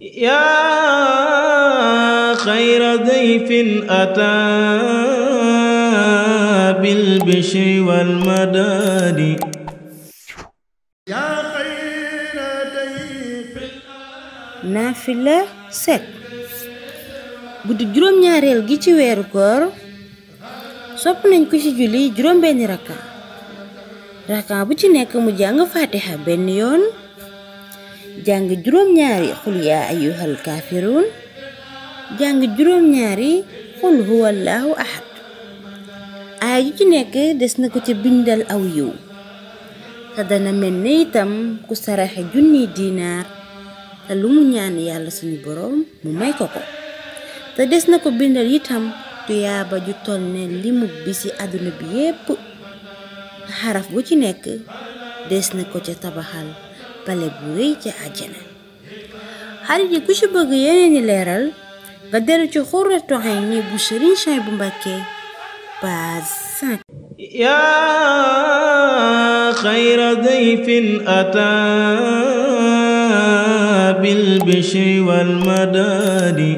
yaa xayra dayfin ataa bil bishri wal madaadi naafila set guddi juróom-ñaareel gi ci weeru koor sopp nañ ko ci julli juróom benn rakka rakka bu ci nekk mu jàng faatiha benn yoon jàng juróom-ñaari xul yaa ayyuhal kaafiruun jàng juróom-ñaari xul huwa ahad aay ju ci nekk des na ko ca bindal aw yiw te dana mel ni itam ku saraxe junniy diinaar te lu mu ñaan yàlla suñu borom mu may ko ko te des na ko bindal itam tuyaaba ju toll ne limu bi ci àdduna bi yépp xaraf bu ci nekk des na ko ca tabaxal pale bu rëy ci àjjana yi ku ci bëgg yeneeni leeral nga dellu ci Xurratu Ayni bu Sëriñ Shay bu Mbàkke page cinq yaa xayra dayfin ataa bil bishri wal madaadi